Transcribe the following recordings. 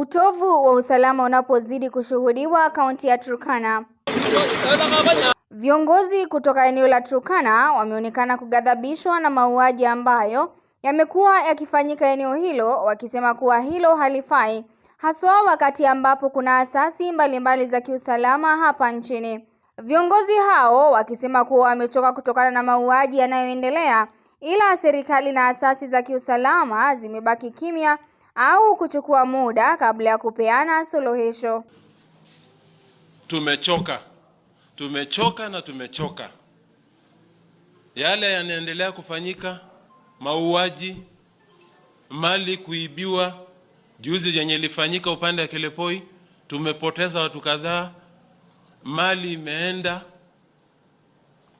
Utovu wa usalama unapozidi kushuhudiwa kaunti ya Turkana. Viongozi kutoka eneo la Turkana wameonekana kughadhabishwa na mauaji ambayo yamekuwa yakifanyika eneo hilo, wakisema kuwa hilo halifai, haswa wakati ambapo kuna asasi mbalimbali mbali za kiusalama hapa nchini. Viongozi hao wakisema kuwa wamechoka kutokana na mauaji yanayoendelea, ila serikali na asasi za kiusalama zimebaki kimya au kuchukua muda kabla ya kupeana suluhisho. Tumechoka, tumechoka na tumechoka. Yale yanaendelea kufanyika, mauaji, mali kuibiwa. Juzi yenye ilifanyika upande wa Kilepoi, tumepoteza watu kadhaa, mali imeenda,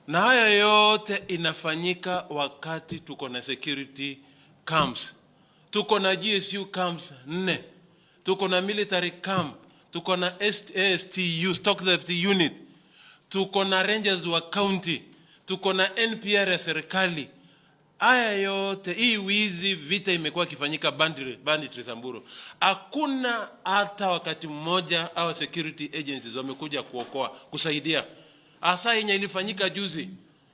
na haya yote inafanyika wakati tuko na security camps tuko na GSU camps nne, tuko na military camp, tuko na STU, stock theft unit, tuko na rangers wa county, tuko na NPR ya serikali. Haya yote hii wizi, vita imekuwa ikifanyika banditry Hakuna hata wakati mmoja au security agencies wamekuja kuokoa kusaidia, hasa yenye ilifanyika juzi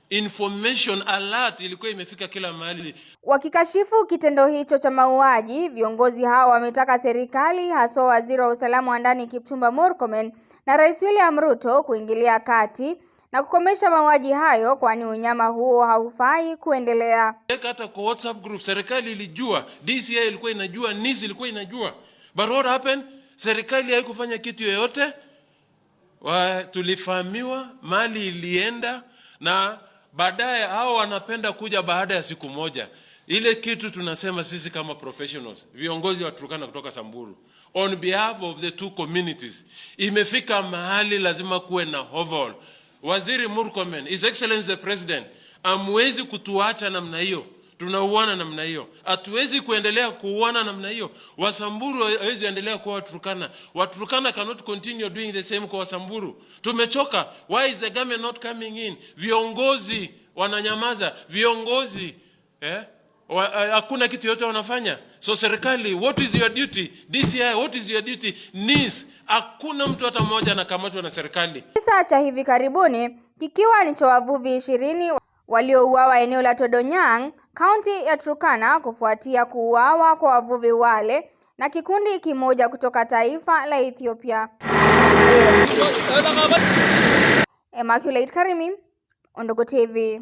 information alert ilikuwa imefika kila mahali. Wakikashifu kitendo hicho cha mauaji, viongozi hao wametaka serikali haswa waziri wa usalama wa ndani Kipchumba Murkomen na Rais William Ruto kuingilia kati na kukomesha mauaji hayo, kwani unyama huo haufai kuendelea. Hata kwa WhatsApp group serikali ilijua, DCI ilikuwa inajua, NIS ilikuwa inajua, but what happened? Serikali haikufanya kitu yoyote, tulifahamiwa, mali ilienda na baadaye hao wanapenda kuja baada ya siku moja. Ile kitu tunasema sisi kama professionals, viongozi wa turukana kutoka Samburu on behalf of the two communities, imefika mahali lazima kuwe na hovol Waziri Murkomen, His excellence the President, amwezi kutuacha namna hiyo tunauona namna hiyo, hatuwezi kuendelea kuuana namna hiyo. Wasamburu hawezi endelea kuwa waturukana waturukana cannot continue doing the same kwa Wasamburu. Tumechoka. Why is the government not coming in? Viongozi wananyamaza, viongozi eh? eh hakuna kitu yote wanafanya. So serikali, what is your duty? DCI, what is your duty? NIS, hakuna mtu hata mmoja anakamatwa na serikali. Kisa cha hivi karibuni kikiwa ni cha wavuvi ishirini waliouawa eneo la Todonyang kaunti ya Turkana kufuatia kuuawa kwa wavuvi wale na kikundi kimoja kutoka taifa la Ethiopia. Immaculate Karimi, Undugu TV.